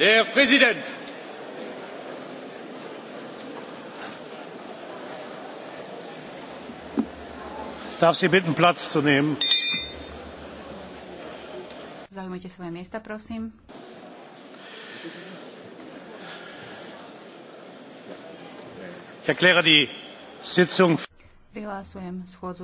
Der Präsident! Ich darf Sie bitten, Platz zu nehmen. Zaujmite svoje miesta, prosím. Ich erkläre die Sitzung. Vyhlásujem schôdzu